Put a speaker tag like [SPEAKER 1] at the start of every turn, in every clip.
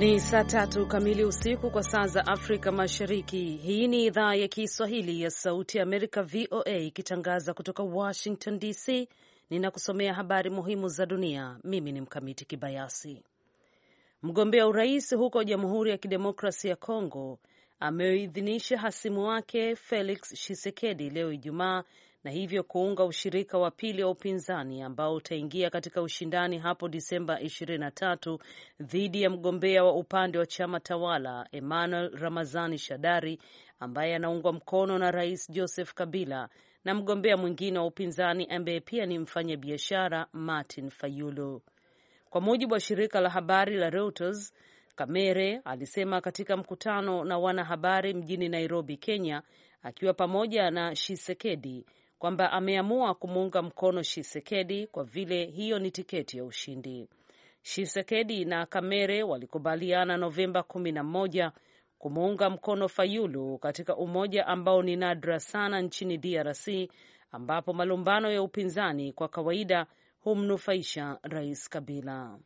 [SPEAKER 1] Ni saa tatu kamili usiku kwa saa za Afrika Mashariki. Hii ni idhaa ya Kiswahili ya Sauti ya Amerika, VOA, ikitangaza kutoka Washington DC. Ninakusomea habari muhimu za dunia. Mimi ni Mkamiti Kibayasi. Mgombea urais huko Jamhuri ya Kidemokrasi ya Kongo ameidhinisha hasimu wake Felix Tshisekedi leo Ijumaa na hivyo kuunga ushirika wa pili wa upinzani ambao utaingia katika ushindani hapo Disemba 23 dhidi ya mgombea wa upande wa chama tawala Emmanuel Ramazani Shadari ambaye anaungwa mkono na Rais Joseph Kabila na mgombea mwingine wa upinzani ambaye pia ni mfanyabiashara Martin Fayulu. Kwa mujibu wa shirika la habari la Reuters, Kamere alisema katika mkutano na wanahabari mjini Nairobi, Kenya, akiwa pamoja na Shisekedi kwamba ameamua kumuunga mkono Shisekedi kwa vile hiyo ni tiketi ya ushindi. Shisekedi na Kamere walikubaliana Novemba 11 kumuunga mkono Fayulu katika umoja ambao ni nadra sana nchini DRC ambapo malumbano ya upinzani kwa kawaida humnufaisha Rais Kabila.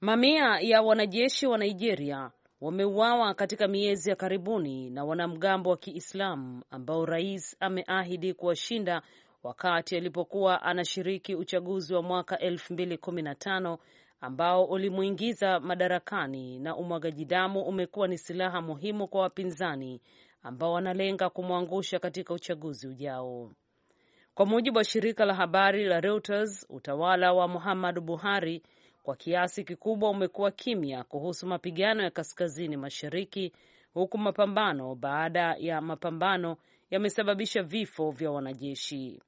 [SPEAKER 1] Mamia ya wanajeshi wa Nigeria wameuawa katika miezi ya karibuni na wanamgambo wa Kiislamu ambao rais ameahidi kuwashinda wakati alipokuwa anashiriki uchaguzi wa mwaka 2015 ambao ulimuingiza madarakani, na umwagaji damu umekuwa ni silaha muhimu kwa wapinzani ambao wanalenga kumwangusha katika uchaguzi ujao. Kwa mujibu wa shirika la habari la Reuters, utawala wa Muhammadu Buhari kwa kiasi kikubwa umekuwa kimya kuhusu mapigano ya kaskazini mashariki, huku mapambano baada ya mapambano yamesababisha vifo vya wanajeshi.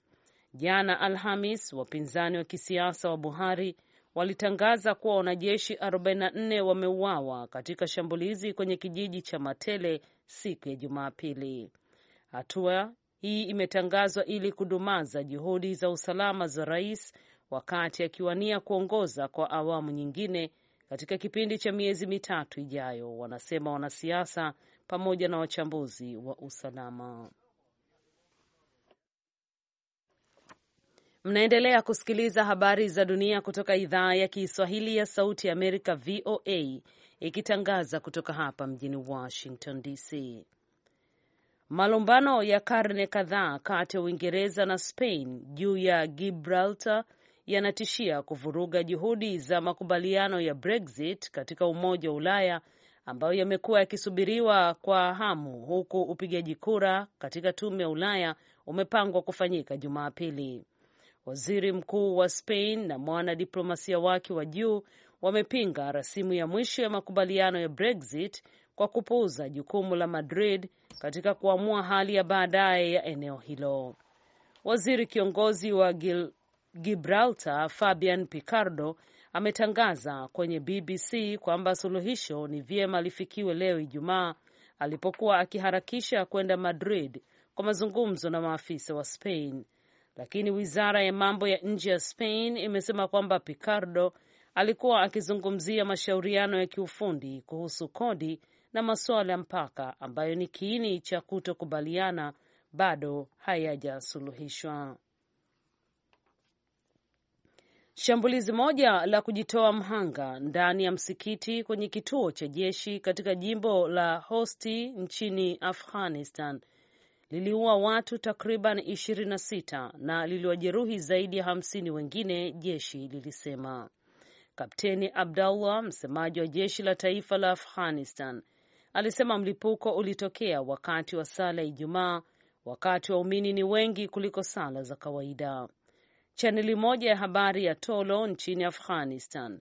[SPEAKER 1] Jana Alhamis, wapinzani wa kisiasa wa Buhari walitangaza kuwa wanajeshi 44 wameuawa katika shambulizi kwenye kijiji cha Matele siku ya Jumapili. Hatua hii imetangazwa ili kudumaza juhudi za usalama za rais wakati akiwania kuongoza kwa awamu nyingine katika kipindi cha miezi mitatu ijayo, wanasema wanasiasa pamoja na wachambuzi wa usalama. Mnaendelea kusikiliza habari za dunia kutoka idhaa ya Kiswahili ya Sauti ya Amerika, VOA, ikitangaza kutoka hapa mjini Washington DC. Malumbano ya karne kadhaa kati ya Uingereza na Spain juu ya Gibraltar yanatishia kuvuruga juhudi za makubaliano ya Brexit katika Umoja wa Ulaya ambayo yamekuwa yakisubiriwa kwa hamu, huku upigaji kura katika Tume ya Ulaya umepangwa kufanyika Jumapili. Waziri Mkuu wa Spain na mwanadiplomasia wake wa juu wamepinga rasimu ya mwisho ya makubaliano ya Brexit kwa kupuuza jukumu la Madrid katika kuamua hali ya baadaye ya eneo hilo. Waziri kiongozi wa Gil Gibraltar Fabian Picardo ametangaza kwenye BBC kwamba suluhisho ni vyema lifikiwe leo Ijumaa alipokuwa akiharakisha kwenda Madrid kwa mazungumzo na maafisa wa Spain, lakini wizara ya mambo ya nje ya Spain imesema kwamba Picardo alikuwa akizungumzia mashauriano ya kiufundi kuhusu kodi na masuala ya mpaka ambayo ni kiini cha kutokubaliana bado hayajasuluhishwa. Shambulizi moja la kujitoa mhanga ndani ya msikiti kwenye kituo cha jeshi katika jimbo la Hosti nchini Afghanistan liliua watu takriban 26 na liliwajeruhi zaidi ya hamsini wengine, jeshi lilisema. Kapteni abdullah msemaji wa jeshi la taifa la Afghanistan, alisema mlipuko ulitokea wakati wa sala ya Ijumaa, wakati waumini ni wengi kuliko sala za kawaida chaneli moja ya habari ya Tolo nchini Afghanistan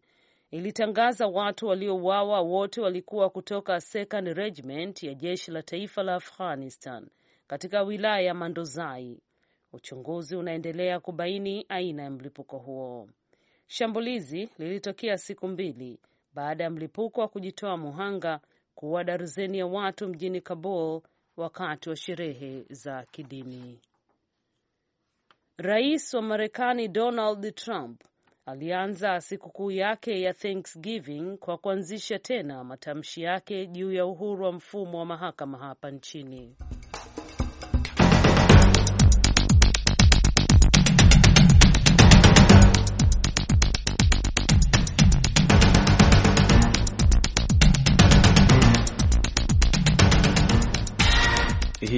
[SPEAKER 1] ilitangaza watu waliouawa wote walikuwa kutoka Second Regiment ya jeshi la taifa la Afghanistan katika wilaya ya Mandozai. Uchunguzi unaendelea kubaini aina ya mlipuko huo. Shambulizi lilitokea siku mbili baada ya mlipuko wa kujitoa muhanga kuua darzeni ya watu mjini Kabul wakati wa sherehe za kidini. Rais wa Marekani Donald Trump alianza sikukuu yake ya Thanksgiving kwa kuanzisha tena matamshi yake juu ya uhuru wa mfumo wa mahakama hapa nchini.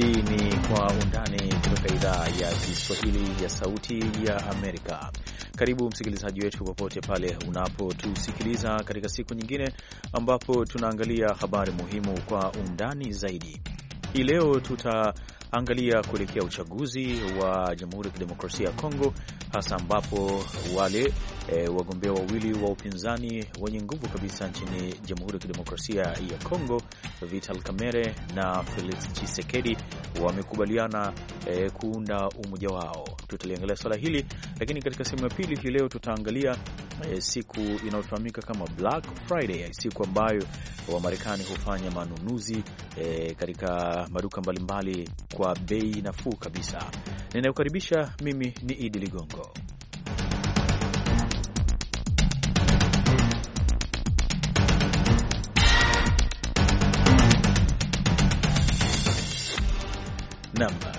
[SPEAKER 2] Hii ni Kwa Undani kutoka idhaa ya Kiswahili ya Sauti ya Amerika. Karibu msikilizaji wetu popote pale unapotusikiliza katika siku nyingine ambapo tunaangalia habari muhimu kwa undani zaidi. Hii leo tutaangalia kuelekea uchaguzi wa Jamhuri ya Kidemokrasia ya Kongo, hasa ambapo wale e, wagombea wawili wa upinzani wenye nguvu kabisa nchini Jamhuri ya Kidemokrasia ya Kongo Vital Kamerhe na Felix Tshisekedi wamekubaliana e, kuunda umoja wao. Tutaliangalia swala hili, lakini katika sehemu ya pili hii leo tutaangalia e, siku inayofahamika kama Black Friday, siku ambayo Wamarekani hufanya manunuzi e, katika maduka mbalimbali kwa bei nafuu kabisa. Ninayokaribisha mimi ni Idi Ligongo.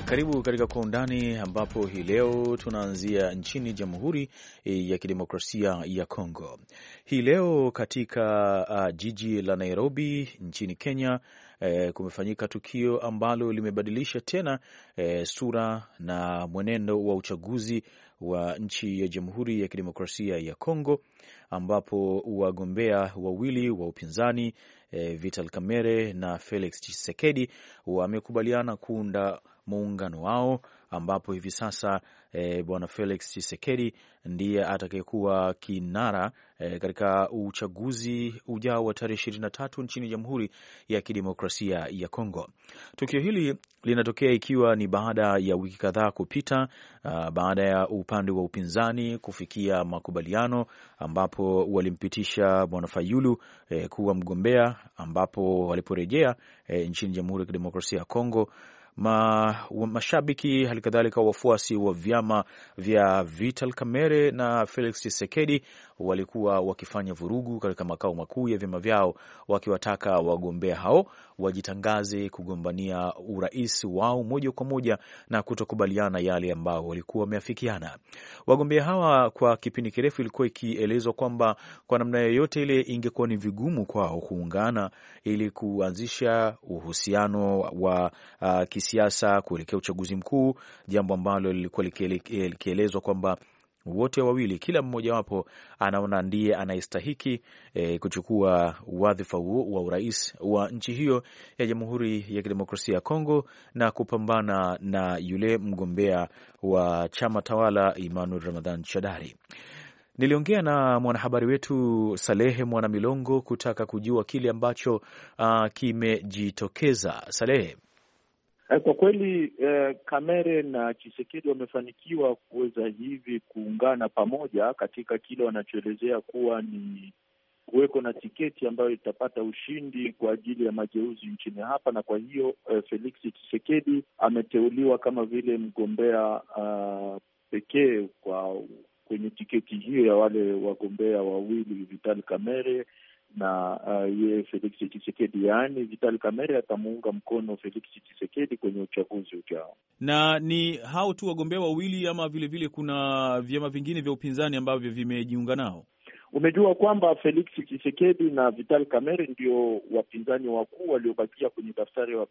[SPEAKER 2] Karibu katika Kwa Undani, ambapo hii leo tunaanzia nchini Jamhuri eh, ya Kidemokrasia ya Kongo. Hii leo katika uh, jiji la Nairobi nchini Kenya eh, kumefanyika tukio ambalo limebadilisha tena eh, sura na mwenendo wa uchaguzi wa nchi ya Jamhuri ya Kidemokrasia ya Kongo, ambapo wagombea wawili wa upinzani eh, Vital Kamerhe na Felix Tshisekedi wamekubaliana kuunda muungano wao, ambapo hivi sasa e, bwana Felix Chisekedi ndiye atakayekuwa kinara e, katika uchaguzi ujao wa tarehe ishirini na tatu nchini Jamhuri ya Kidemokrasia ya Kongo. Tukio hili linatokea ikiwa ni baada ya wiki kadhaa kupita a, ah, baada ya upande wa upinzani kufikia makubaliano ambapo walimpitisha bwana Fayulu e, kuwa mgombea ambapo waliporejea e, nchini Jamhuri ya Kidemokrasia ya Kongo ma, mashabiki halikadhalika wafuasi wa vyama vya Vital Kamerhe na Felix Tshisekedi walikuwa wakifanya vurugu katika makao makuu ya vyama vyao wakiwataka wagombea hao wajitangaze kugombania urais wao moja kwa moja na kutokubaliana yale ambao walikuwa wameafikiana. Wagombea hawa kwa kipindi kirefu ilikuwa ikielezwa kwamba kwa namna yoyote ile ingekuwa ni vigumu kwao kuungana ili kuanzisha uhusiano wa uh, kisiasa kuelekea uchaguzi mkuu, jambo ambalo lilikuwa likielezwa kwamba wote wawili, kila mmojawapo anaona ndiye anayestahiki e, kuchukua wadhifa huo wa urais wa nchi hiyo ya Jamhuri ya Kidemokrasia ya Kongo na kupambana na yule mgombea wa chama tawala Emmanuel Ramadhan Shadari. Niliongea na mwanahabari wetu Salehe Mwanamilongo kutaka kujua kile ambacho uh, kimejitokeza. Salehe,
[SPEAKER 3] Eh, kwa kweli eh, Kamere na Chisekedi wamefanikiwa kuweza hivi kuungana pamoja katika kile wanachoelezea kuwa ni kuweko na tiketi ambayo itapata ushindi kwa ajili ya mageuzi nchini hapa, na kwa hiyo eh, Felix Chisekedi ameteuliwa kama vile mgombea uh, pekee kwa kwenye tiketi hiyo ya wale wagombea wawili Vital Kamere na uh, Felix Chisekedi, yaani vital Kamere atamuunga mkono Felix chisekedi kwenye uchaguzi ujao.
[SPEAKER 2] Na ni hao tu wagombea wawili ama vilevile vile kuna vyama vingine vya upinzani ambavyo vimejiunga nao?
[SPEAKER 3] Umejua kwamba Felix chisekedi na Vital Kamerhe ndio wapinzani wakuu waliobakia kwenye daftari ya,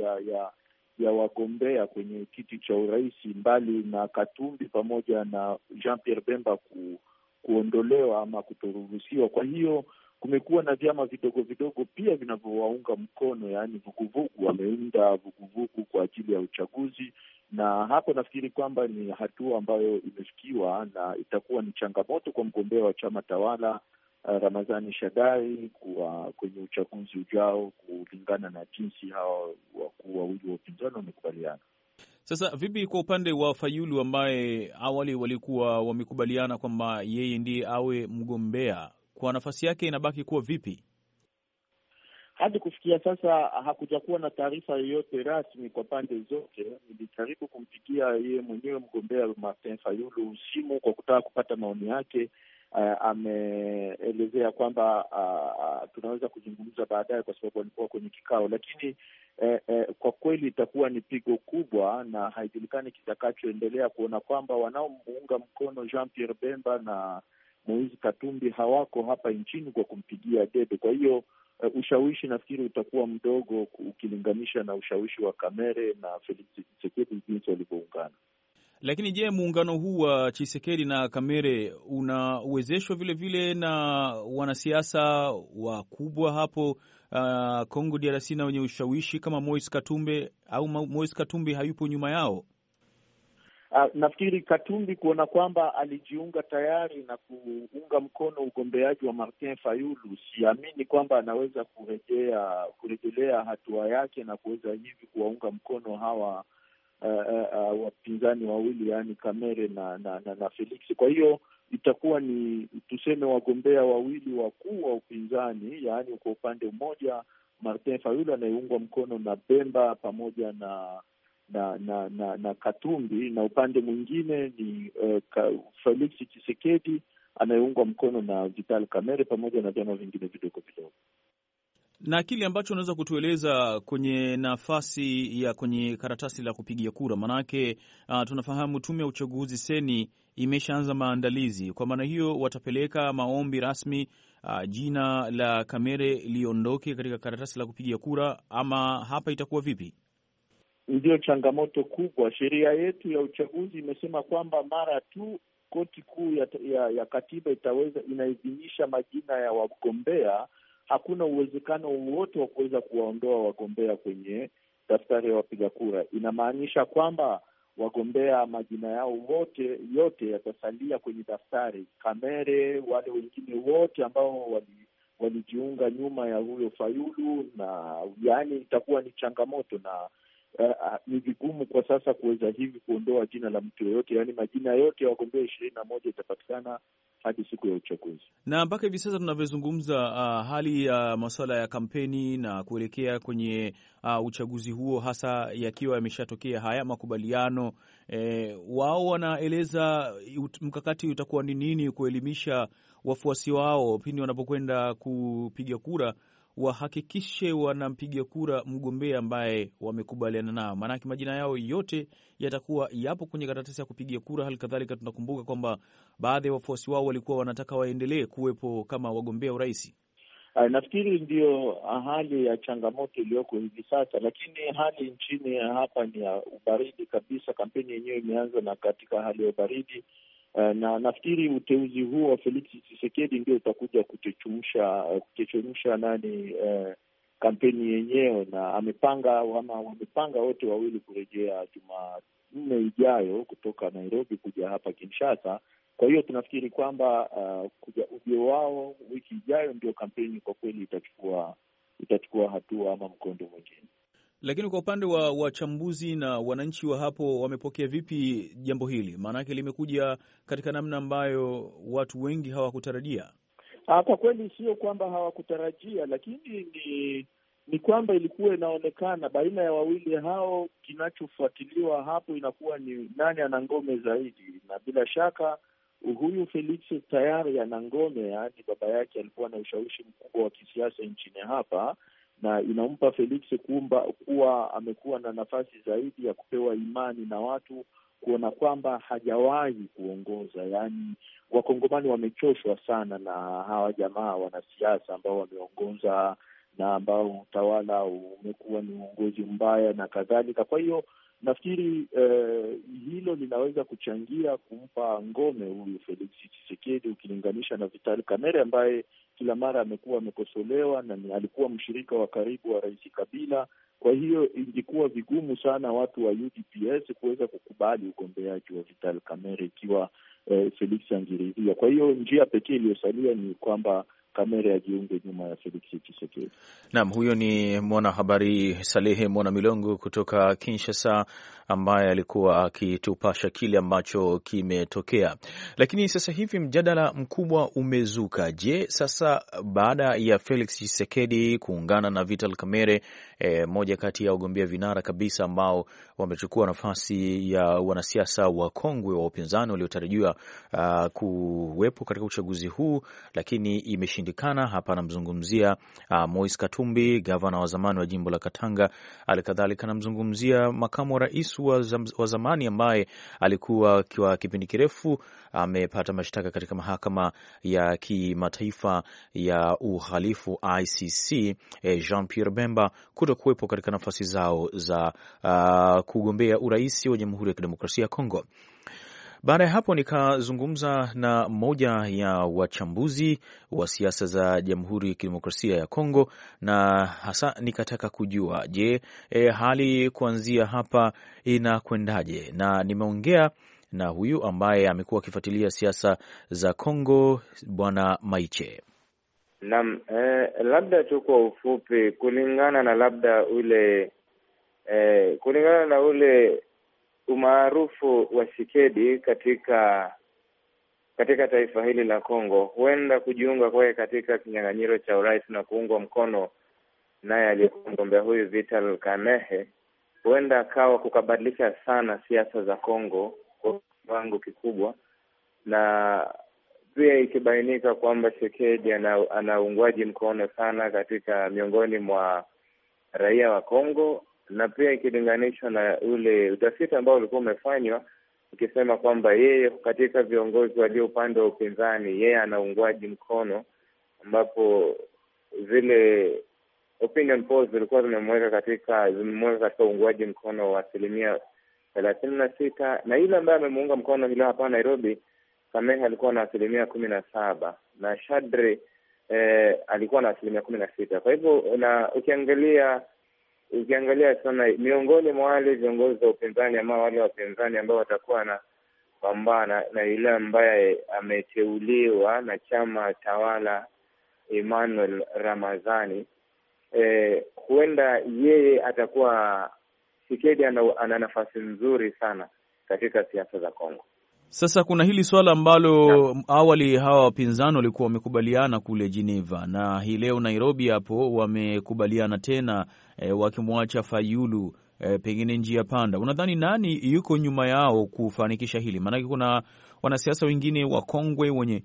[SPEAKER 3] ya, ya, ya wagombea kwenye kiti cha urais, mbali na Katumbi pamoja na Jean Pierre Bemba ku, kuondolewa ama kutoruhusiwa. Kwa hiyo kumekuwa na vyama vidogo vidogo pia vinavyowaunga mkono, yaani vuguvugu. Wameunda vuguvugu kwa ajili ya uchaguzi, na hapo nafikiri kwamba ni hatua ambayo imefikiwa na itakuwa ni changamoto kwa mgombea wa chama tawala uh, Ramadhani Shadari kuwa kwenye uchaguzi ujao, kulingana na jinsi hawa wakuu wawili wa upinzani wamekubaliana.
[SPEAKER 2] Sasa vipi kwa upande wa Fayulu ambaye awali walikuwa wamekubaliana kwamba yeye ndiye awe mgombea kwa nafasi yake inabaki kuwa vipi?
[SPEAKER 3] Hadi kufikia sasa hakujakuwa na taarifa yoyote rasmi kwa pande zote. Nilijaribu kumpigia yeye mwenyewe mgombea Martin Fayulu simu kwa kutaka kupata maoni yake. Uh, ameelezea kwamba uh, uh, tunaweza kuzungumza baadaye kwa sababu alikuwa kwenye kikao, lakini uh, uh, kwa kweli itakuwa ni pigo kubwa na haijulikani kitakachoendelea, kuona kwamba wanaomuunga mkono Jean Pierre Bemba na Moise Katumbi hawako hapa nchini kwa kumpigia debe. Kwa hiyo uh, ushawishi nafikiri utakuwa mdogo ukilinganisha na ushawishi wa Kamere na Felix Tshisekedi jinsi walivyoungana.
[SPEAKER 2] Lakini je, muungano huu wa Tshisekedi na Kamere unawezeshwa vilevile na wanasiasa wakubwa hapo ah, Congo uh, DRC na wenye ushawishi kama Moise katumbe au Moise katumbe hayupo nyuma yao?
[SPEAKER 3] Ah, nafikiri Katumbi kuona kwamba alijiunga tayari na kuunga mkono ugombeaji wa Martin Fayulu, siamini kwamba anaweza kurejea kurejelea hatua yake na kuweza hivi kuwaunga mkono hawa uh, uh, uh, wapinzani wawili yaani Kamere na, na, na, na Felix. Kwa hiyo itakuwa ni tuseme wagombea wawili wakuu wa upinzani, yaani kwa upande mmoja Martin Fayulu anayeungwa mkono na Bemba pamoja na na na na na Katumbi na upande mwingine ni uh, Felix Chisekedi anayeungwa mkono na Vital Kamerhe pamoja na vyama vingine vidogo vidogo.
[SPEAKER 2] Na kile ambacho unaweza kutueleza kwenye nafasi ya kwenye karatasi la kupigia kura, maanake uh, tunafahamu tume ya uchaguzi seni imeshaanza maandalizi. Kwa maana hiyo, watapeleka maombi rasmi uh, jina la Kamere liondoke katika karatasi la kupigia kura, ama hapa itakuwa vipi?
[SPEAKER 3] ndiyo changamoto kubwa. Sheria yetu ya uchaguzi imesema kwamba mara tu koti kuu ya, ya, ya katiba itaweza inaidhinisha majina ya wagombea, hakuna uwezekano wowote wa kuweza kuwaondoa wagombea kwenye daftari ya wapiga kura. Inamaanisha kwamba wagombea majina yao wote yote yatasalia kwenye daftari. Kamere, wale wengine wote ambao wali walijiunga nyuma ya huyo Fayulu, na yaani itakuwa ni changamoto, na Eh, ah, ni vigumu kwa sasa kuweza hivi kuondoa jina la mtu yoyote, yaani majina yote ya wagombea ishirini na moja itapatikana hadi siku ya uchaguzi.
[SPEAKER 2] Na mpaka hivi sasa tunavyozungumza, uh, hali ya uh, masuala ya kampeni na kuelekea kwenye uh, uchaguzi huo, hasa yakiwa yameshatokea haya makubaliano eh, wao wanaeleza ut, mkakati utakuwa ni nini kuelimisha wafuasi wao pindi wanapokwenda kupiga kura wahakikishe wanampiga kura mgombea ambaye wamekubaliana nao, maanake majina yao yote yatakuwa yapo kwenye karatasi ya kupigia kura. Hali kadhalika tunakumbuka kwamba baadhi ya wafuasi wao walikuwa wanataka waendelee kuwepo kama wagombea urais.
[SPEAKER 3] Ah, nafikiri ndiyo hali ya changamoto iliyoko hivi sasa, lakini hali nchini hapa ni ya ubaridi kabisa. Kampeni yenyewe imeanza na katika hali ya ubaridi Eh, na nafikiri uteuzi huo wa Felix Chisekedi ndio utakuja kuchechemsha eh, kuchechemsha nani eh, kampeni yenyewe, na amepanga ama wamepanga wote wawili kurejea Jumanne ijayo kutoka Nairobi kuja hapa Kinshasa. Kwa hiyo tunafikiri kwamba uh, ujio wao wiki ijayo ndio kampeni kwa kweli itachukua itachukua hatua ama mkondo mwingine.
[SPEAKER 2] Lakini kwa upande wa wachambuzi na wananchi wa hapo wamepokea vipi jambo hili? Maanake limekuja katika namna ambayo watu wengi hawakutarajia.
[SPEAKER 3] Ah, kwa kweli, sio kwamba hawakutarajia, lakini ni ni kwamba ilikuwa inaonekana baina ya wawili hao, kinachofuatiliwa hapo inakuwa ni nani ana ngome zaidi, na bila shaka huyu Felix tayari ana ngome, yaani baba yake alikuwa na ushawishi mkubwa wa kisiasa nchini hapa na inampa Felix kumba kuwa amekuwa na nafasi zaidi ya kupewa imani na watu kuona kwamba hajawahi kuongoza. Yaani, wakongomani wamechoshwa sana na hawa jamaa wanasiasa ambao wameongoza na ambao utawala umekuwa ni uongozi mbaya na kadhalika. Kwa hiyo nafikiri eh, hilo linaweza kuchangia kumpa ngome huyu Felix chisekedi ukilinganisha na Vital Kamerhe ambaye kila mara amekuwa amekosolewa na alikuwa mshirika wa karibu wa Rais Kabila. Kwa hiyo ingekuwa vigumu sana watu wa UDPS kuweza kukubali ugombeaji wa Vital Kamerhe ikiwa eh, Felix Anzirizia. Kwa hiyo njia pekee iliyosalia ni kwamba kamera ya jiunge nyuma ya Felix Tshisekedi.
[SPEAKER 2] Naam, huyo ni mwanahabari Salehe Mwana Milongo kutoka Kinshasa, ambaye alikuwa akitupasha kile ambacho kimetokea. Lakini sasa hivi mjadala mkubwa umezuka. Je, sasa baada ya Felix Tshisekedi kuungana na Vital Kamerhe, e, moja kati ya wagombea vinara kabisa ambao wamechukua nafasi ya wanasiasa wakongwe wa upinzani waliotarajiwa ah, kuwepo katika uchaguzi huu, lakini imesh kushindikana. Hapa anamzungumzia uh, Mois Katumbi, gavana wa zamani wa jimbo la Katanga. Halikadhalika anamzungumzia makamu wa rais wa, zam, wa zamani ambaye alikuwa kwa kipindi kirefu amepata mashtaka katika mahakama ya kimataifa ya uhalifu ICC, eh, Jean Pierre Bemba kuto kuwepo katika nafasi zao za uh, kugombea urais wa Jamhuri ya Kidemokrasia ya Kongo. Baada ya hapo nikazungumza na mmoja ya wachambuzi wa siasa za Jamhuri ya Kidemokrasia ya Kongo, na hasa nikataka kujua je, e, hali kuanzia hapa inakwendaje? Na nimeongea na huyu ambaye amekuwa akifuatilia siasa za Kongo, Bwana Maiche.
[SPEAKER 4] Naam, eh, labda tu kwa ufupi kulingana na labda ule eh, kulingana na ule umaarufu wa Shikedi katika katika taifa hili la Kongo huenda kujiunga kwake katika kinyang'anyiro cha urais na kuungwa mkono naye aliyekuwa mgombea huyu Vital Kanehe huenda akawa kukabadilisha sana siasa za Kongo kwa kiwango kikubwa, na pia ikibainika kwamba shekedi ana, ana mkono sana katika miongoni mwa raia wa Kongo na pia ikilinganishwa na ule utafiti ambao ulikuwa umefanywa ukisema kwamba yeye katika viongozi walio upande wa upinzani yeye ana uungwaji mkono, ambapo zile opinion polls zilikuwa zimemweka katika zimemweka katika uungwaji mkono wa asilimia thelathini na sita na yule ambaye amemuunga mkono hilo hapa Nairobi Kamehe alikuwa na asilimia kumi na saba na Shadri eh, alikuwa na asilimia kumi na sita Kwa hivyo na ukiangalia ukiangalia sana miongoni mwa wale viongozi wa upinzani ama wale wapinzani ambao watakuwa na pambana na yule ambaye ameteuliwa na chama tawala Emmanuel Ramazani. E, huenda yeye atakuwa Tshisekedi ana nafasi nzuri sana katika siasa za Kongo.
[SPEAKER 2] Sasa kuna hili swala ambalo awali hawa wapinzani walikuwa wamekubaliana kule Geneva na hii leo Nairobi hapo wamekubaliana tena e, wakimwacha Fayulu e, pengine njia panda. Unadhani nani yuko nyuma yao kufanikisha hili? Maanake kuna wanasiasa wengine wakongwe wenye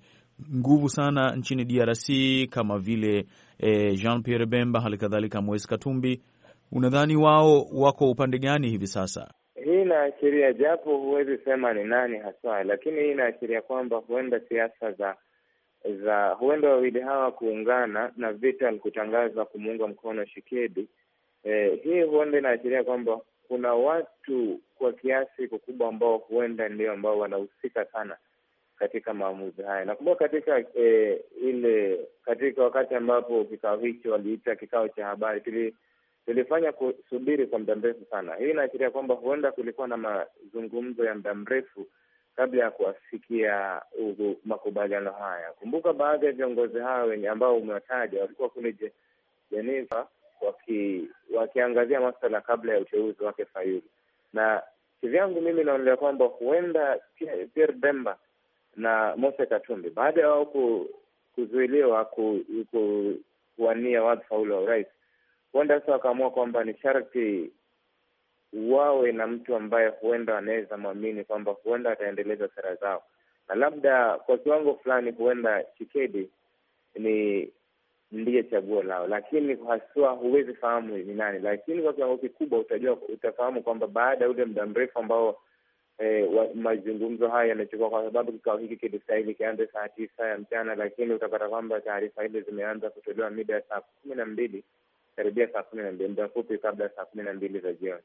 [SPEAKER 2] nguvu sana nchini DRC kama vile e, eh, Jean Pierre Bemba, hali kadhalika Moise Katumbi. Unadhani wao wako upande gani hivi sasa?
[SPEAKER 4] Hii inaashiria japo huwezi sema ni nani haswa, lakini hii inaashiria kwamba huenda siasa za za huenda wawili hawa kuungana na Vital kutangaza kumuunga mkono Shikedi. Eh, hii huenda inaashiria kwamba kuna watu kwa kiasi kikubwa ambao huenda ndio ambao wanahusika sana katika maamuzi haya. Nakumbuka katika eh, ile katika wakati ambapo kikao hicho waliita kikao cha habari tuli tulifanya kusubiri kwa muda mrefu sana. Hii inaashiria kwamba huenda kulikuwa na mazungumzo ya muda mrefu kabla ya kuwafikia makubaliano haya. Kumbuka baadhi ya viongozi hawa wenye ambao umewataja walikuwa kule Jeneva waki, wakiangazia maswala kabla ya uteuzi wake Fayulu, na kivyangu mimi naonelea kwamba huenda Pierre Bemba na Mose Katumbi baada ya wao kuzuiliwa kuwania wadhifa ule wa urais huenda sasa wakaamua kwamba ni sharti wawe na mtu ambaye huenda anaweza mwamini kwamba huenda ataendeleza sera zao, na labda kwa kiwango fulani huenda Chikedi ni ndiye chaguo lao, lakini haswa huwezi fahamu ni nani. Lakini kwa kiwango kikubwa utajua, utafahamu kwamba baada ya ule muda mrefu ambao e, mazungumzo haya yamechukua, kwa sababu kikao hiki kilistahili kianze saa tisa ya mchana, lakini utapata kwamba taarifa hizo zimeanza kutolewa mida ya saa kumi na mbili karibia saa kumi na mbili, muda mfupi kabla saa kumi na mbili za jioni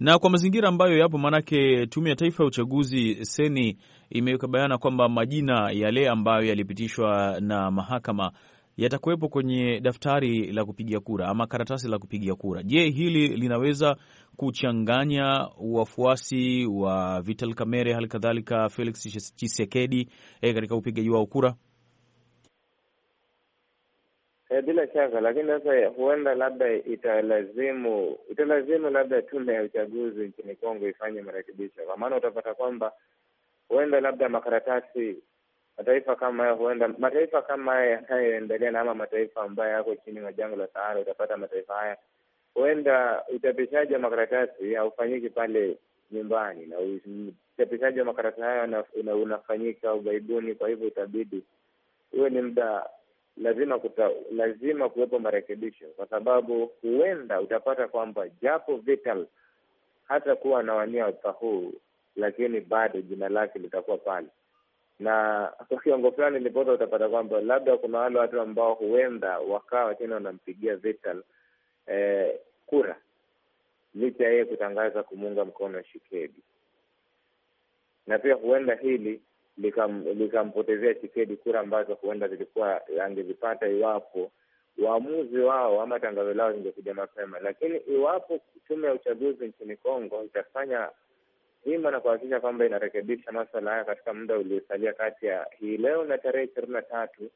[SPEAKER 2] na kwa mazingira ambayo yapo, maanake Tume ya Taifa ya Uchaguzi seni imeweka bayana kwamba majina yale ambayo yalipitishwa na mahakama yatakuwepo kwenye daftari la kupigia kura ama karatasi la kupigia kura. Je, hili linaweza kuchanganya wafuasi wa Vital Kamerhe hali kadhalika Felix Chisekedi, e, eh, katika upigaji wao kura?
[SPEAKER 4] E, bila shaka, lakini sasa huenda labda italazimu italazimu labda tume ya uchaguzi nchini Kongo ifanye marekebisho, kwa maana utapata kwamba huenda labda makaratasi mataifa kama haya huenda mataifa kama haya yanayoendelea na ama mataifa ambayo yako chini ya jangwa la Sahara, utapata mataifa haya huenda uchapishaji wa makaratasi haufanyiki pale nyumbani, na uchapishaji wa makaratasi hayo unafanyika ughaibuni. Kwa hivyo itabidi huwe ni muda lazima kuta, lazima kuwepo marekebisho, kwa sababu huenda utapata kwamba japo Vital hata kuwa anawania wadhifa huu, lakini bado jina lake litakuwa pale, na kwa kiwango fulani nilipota, utapata kwamba labda kuna wale watu ambao huenda wakawa tena wanampigia Vital eh, kura licha ya yeye kutangaza kumuunga mkono Shikedi, na pia huenda hili likampotezea lika kura ambazo huenda zilikuwa angezipata iwapo waamuzi wao ama tangazo lao lingekuja mapema. Lakini iwapo tume ya uchaguzi nchini Kongo itafanya hima na kuhakikisha kwamba inarekebisha maswala haya katika muda uliosalia kati ya hii leo na tarehe ishirini na tatu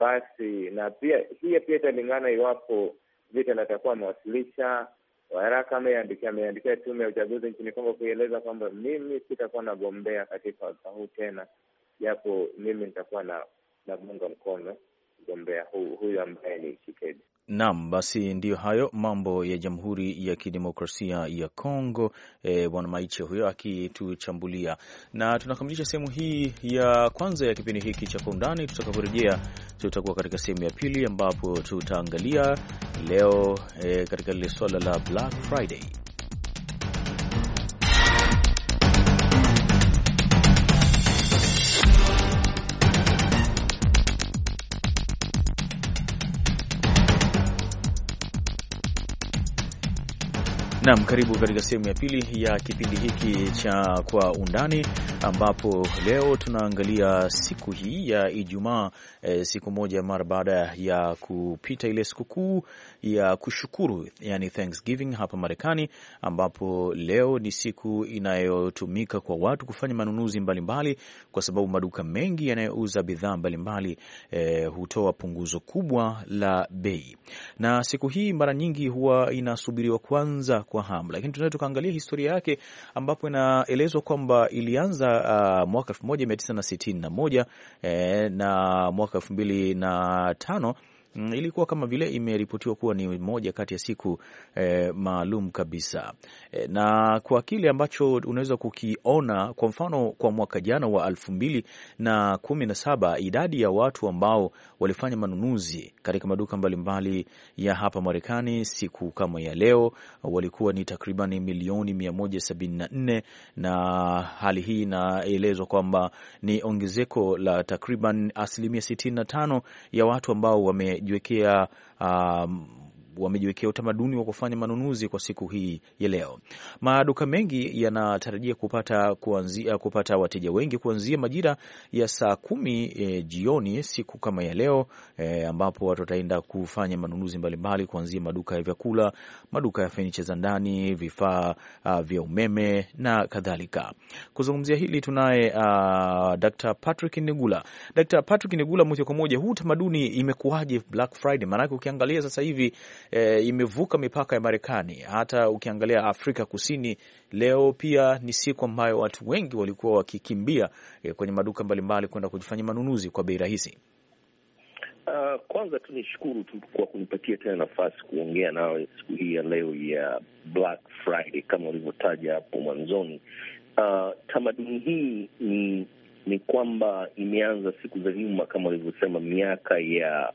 [SPEAKER 4] basi na pia hiyo pia italingana iwapo vita natakuwa amewasilisha Waraka ameandikia ameandikia tume ya uchaguzi nchini Kongo kuieleza kwamba mimi sitakuwa nagombea katika wadhifa huu tena, japo mimi nitakuwa na namunga mkono mgombea huyu ambaye ni Tshisekedi.
[SPEAKER 2] Naam, basi ndiyo hayo mambo ya Jamhuri ya Kidemokrasia ya Kongo. E, Bwana Maiche huyo akituchambulia, na tunakamilisha sehemu hii ya kwanza ya kipindi hiki cha Kwa Undani. Tutakaporejea tutakuwa katika sehemu ya pili ambapo tutaangalia leo e, katika lile suala la Black Friday. Naam, karibu katika sehemu ya pili ya kipindi hiki cha Kwa Undani, ambapo leo tunaangalia siku hii ya Ijumaa, e, siku moja mara baada ya kupita ile sikukuu ya kushukuru, yani Thanksgiving hapa Marekani, ambapo leo ni siku inayotumika kwa watu kufanya manunuzi mbalimbali mbali, kwa sababu maduka mengi yanayouza bidhaa mbalimbali e, hutoa punguzo kubwa la bei, na siku hii mara nyingi huwa inasubiriwa kwanza kwa kwa hamu, lakini tunaweza tukaangalia historia yake ambapo inaelezwa kwamba ilianza uh, mwaka elfu moja mia tisa na sitini na moja eh, na mwaka elfu mbili na tano Mm, ilikuwa kama vile imeripotiwa kuwa ni moja kati ya siku e, maalum kabisa e, na kwa kile ambacho unaweza kukiona kwa mfano kwa mwaka jana wa elfu mbili na kumi na saba idadi ya watu ambao walifanya manunuzi katika maduka mbalimbali mbali ya hapa Marekani siku kama ya leo walikuwa ni takriban milioni 174 na hali hii inaelezwa kwamba ni ongezeko la takriban asilimia 65 ya watu ambao wame amejiwekea um, wamejiwekea utamaduni wa kufanya manunuzi kwa siku hii ya leo. Maduka mengi yanatarajia kupata kuanzia, kupata wateja wengi kuanzia majira ya saa kumi e, jioni siku kama ya leo e, ambapo watu wataenda kufanya manunuzi mbalimbali kuanzia maduka ya vyakula, maduka ya fenicha za ndani, vifaa vya umeme na kadhalika. Kuzungumzia hili tunaye Dr. Patrick Nigula. Dr. Patrick Nigula, moja kwa moja, huu tamaduni imekuwaje Black Friday? Maanake ukiangalia sasa hivi e, imevuka mipaka ya Marekani. Hata ukiangalia Afrika Kusini leo pia ni siku ambayo watu wengi walikuwa wakikimbia e, kwenye maduka mbalimbali kwenda kujifanya manunuzi kwa bei rahisi.
[SPEAKER 3] Uh, kwanza
[SPEAKER 5] tu nishukuru tu kwa kunipatia tena nafasi kuongea nawe siku hii ya leo ya Black Friday kama ulivyotaja hapo mwanzoni. Uh, tamaduni hii ni ni kwamba imeanza siku za nyuma kama ulivyosema, miaka ya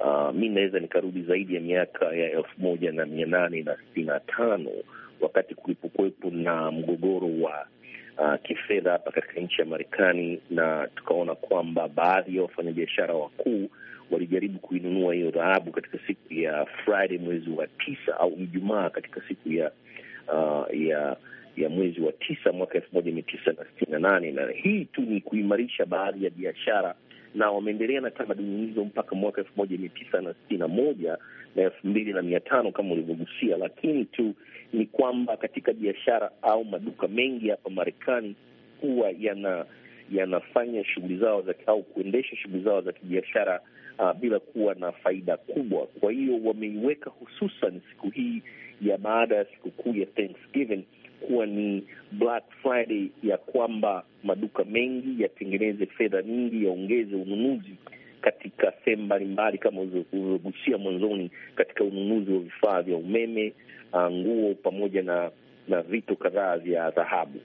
[SPEAKER 5] Uh, mi naweza nikarudi zaidi ya miaka ya elfu moja na mia nane na sitini na tano wakati kulipokuwepo na mgogoro wa uh, kifedha hapa katika nchi ya Marekani, na tukaona kwamba baadhi ya wafanyabiashara wakuu walijaribu kuinunua hiyo dhahabu katika siku ya Friday mwezi wa tisa au Ijumaa katika siku ya uh, ya ya mwezi wa tisa mwaka elfu moja mia tisa na sitini na nane na hii tu ni kuimarisha baadhi ya biashara na wameendelea na tamaduni hizo mpaka mwaka elfu moja mia tisa na sitini na moja na elfu mbili na mia tano kama ulivyogusia. Lakini tu ni kwamba katika biashara au maduka mengi hapa Marekani huwa yana yanafanya shughuli zao za au kuendesha shughuli zao za kibiashara uh, bila kuwa na faida kubwa. Kwa hiyo wameiweka hususan siku hii ya baada ya sikukuu ya Thanksgiving itakuwa ni Black Friday ya kwamba maduka mengi yatengeneze fedha nyingi, yaongeze ununuzi katika sehemu mbalimbali kama ulivyogusia mwanzoni, katika ununuzi wa vifaa vya umeme, ah, nguo pamoja na na vitu kadhaa vya dhahabu.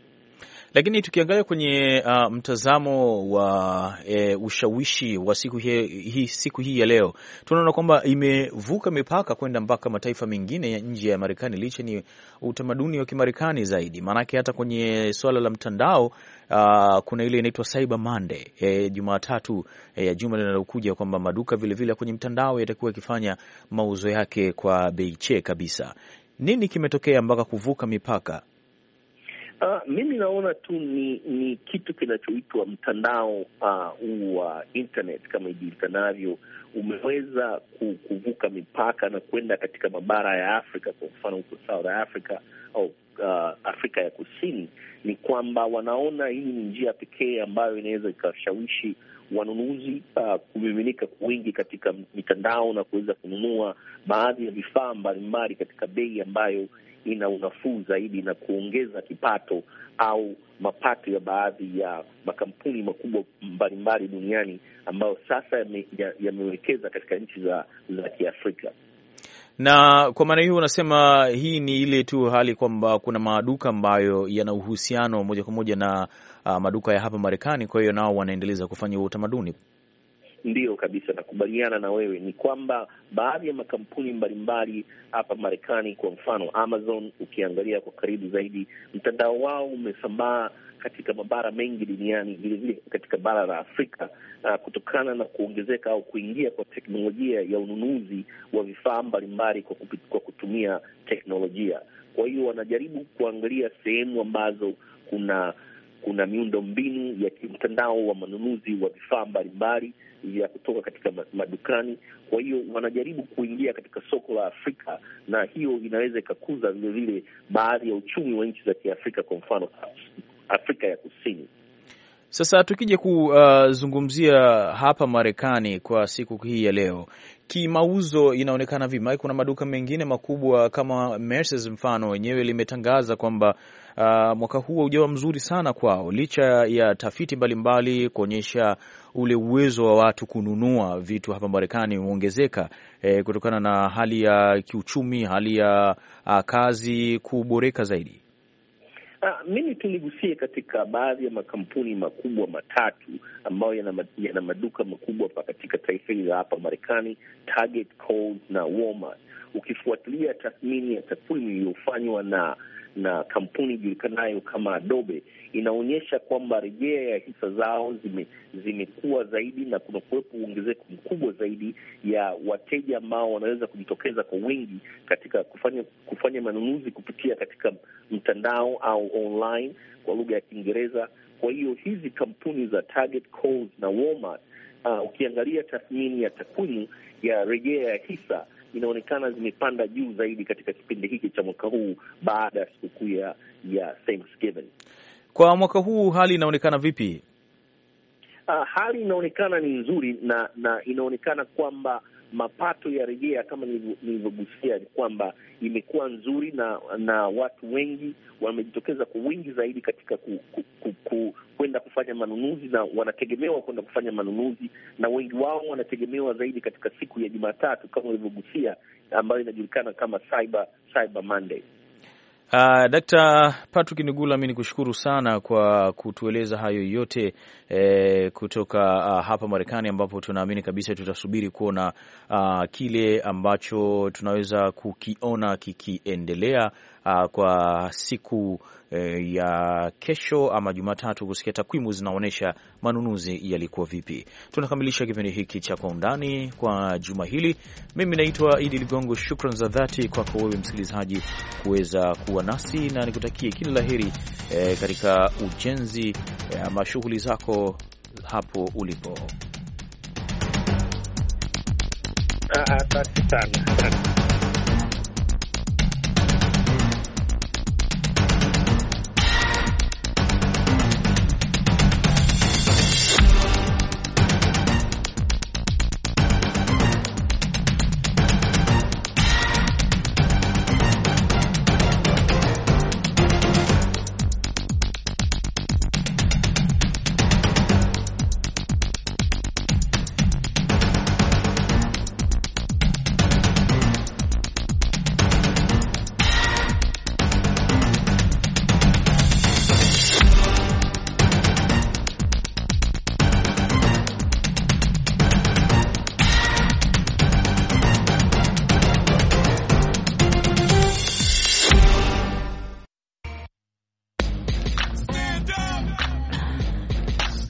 [SPEAKER 2] Lakini tukiangalia kwenye uh, mtazamo wa e, ushawishi wa siku hii hi, siku hii ya leo tunaona kwamba imevuka mipaka kwenda mpaka mataifa mengine ya nje ya Marekani, licha ni utamaduni wa Kimarekani zaidi. Maanake hata kwenye swala la mtandao uh, kuna ile inaitwa Cyber Monday e, Jumatatu eh, ya juma linalokuja, kwamba maduka vilevile kwenye mtandao yatakuwa yakifanya mauzo yake kwa bei che kabisa. Nini kimetokea mpaka kuvuka mipaka?
[SPEAKER 5] Uh, mimi naona tu ni ni kitu kinachoitwa mtandao ah, huu uh, wa internet kama ijulikanavyo, umeweza kuvuka mipaka na kwenda katika mabara ya Afrika. Kwa mfano huko South Africa au uh, Afrika ya Kusini, ni kwamba wanaona hii ni njia pekee ambayo inaweza ikashawishi wanunuzi uh, kumiminika kwa wingi katika mitandao na kuweza kununua baadhi ya vifaa mbalimbali katika bei ambayo ina unafuu zaidi na kuongeza kipato au mapato ya baadhi ya makampuni makubwa mbalimbali duniani ambayo sasa yamewekeza ya, ya katika nchi za, za Kiafrika
[SPEAKER 2] na kwa maana hiyo unasema hii ni ile tu hali kwamba kuna maduka ambayo yana uhusiano moja kwa moja na uh, maduka ya hapa Marekani. Kwa hiyo nao wanaendeleza kufanya utamaduni
[SPEAKER 5] Ndiyo kabisa, nakubaliana na wewe. Ni kwamba baadhi ya makampuni mbalimbali hapa Marekani, kwa mfano Amazon, ukiangalia kwa karibu zaidi, mtandao wao umesambaa katika mabara mengi duniani, vilevile katika bara la Afrika uh, kutokana na kuongezeka au kuingia kwa teknolojia ya ununuzi wa vifaa mbalimbali kwa, kwa kutumia teknolojia. Kwa hiyo wanajaribu kuangalia sehemu ambazo kuna kuna miundo mbinu ya kimtandao wa manunuzi wa vifaa mbalimbali ya kutoka katika madukani. Kwa hiyo wanajaribu kuingia katika soko la Afrika, na hiyo inaweza ikakuza vilevile baadhi ya uchumi wa nchi za Kiafrika, kwa mfano Afrika ya Kusini.
[SPEAKER 2] Sasa tukija kuzungumzia uh, hapa Marekani kwa siku hii ya leo, kimauzo inaonekana vipi? Kuna maduka mengine makubwa kama Macy's mfano, wenyewe limetangaza kwamba uh, mwaka huu haujawa mzuri sana kwao, licha ya tafiti mbalimbali kuonyesha ule uwezo wa watu kununua vitu hapa Marekani umeongezeka eh, kutokana na hali ya kiuchumi, hali ya uh, kazi kuboreka zaidi.
[SPEAKER 5] Uh, mimi tuligusia katika baadhi ya makampuni makubwa matatu ambayo yana yana maduka makubwa katika taifa hili la hapa Marekani, Target, Kohl's na Walmart. Ukifuatilia tathmini ya takwimu iliyofanywa na na kampuni ijulikanayo kama Adobe inaonyesha kwamba rejea ya hisa zao zime, zimekuwa zaidi na kuna kuwepo uongezeko mkubwa zaidi ya wateja ambao wanaweza kujitokeza kwa wingi katika kufanya kufanya manunuzi kupitia katika mtandao au online kwa lugha ya Kiingereza. Kwa hiyo hizi kampuni za Target, Kohl's na Walmart, uh, ukiangalia tathmini ya takwimu ya rejea ya hisa inaonekana zimepanda juu zaidi katika kipindi hiki cha mwaka huu baada ya sikukuu ya Thanksgiving.
[SPEAKER 2] Kwa mwaka huu hali inaonekana vipi?
[SPEAKER 5] Uh, hali inaonekana ni nzuri na na inaonekana kwamba mapato ya rejea kama nilivyogusia ni kwamba imekuwa nzuri na na watu wengi wamejitokeza kwa wingi zaidi katika kwenda ku, ku, ku, kufanya manunuzi na wanategemewa kwenda kufanya manunuzi, na wengi wao wanategemewa zaidi katika siku ya Jumatatu kama ulivyogusia, ambayo inajulikana kama Cyber, Cyber Monday.
[SPEAKER 2] Uh, Dkt. Patrick Nigula, mimi nikushukuru sana kwa kutueleza hayo yote eh, kutoka uh, hapa Marekani ambapo tunaamini kabisa tutasubiri kuona uh, kile ambacho tunaweza kukiona kikiendelea uh, kwa siku uh, ya kesho ama Jumatatu kusikia takwimu zinaonyesha manunuzi yalikuwa vipi. Tunakamilisha kipindi hiki cha Kwa Undani kwa juma hili. Mimi naitwa Idi Ligongo, shukran za dhati kwako wewe msikilizaji kuweza kuwa nasi na nikutakie kila la heri eh, katika ujenzi eh, ama shughuli zako
[SPEAKER 5] hapo ulipo. Ah, ah, asante sana.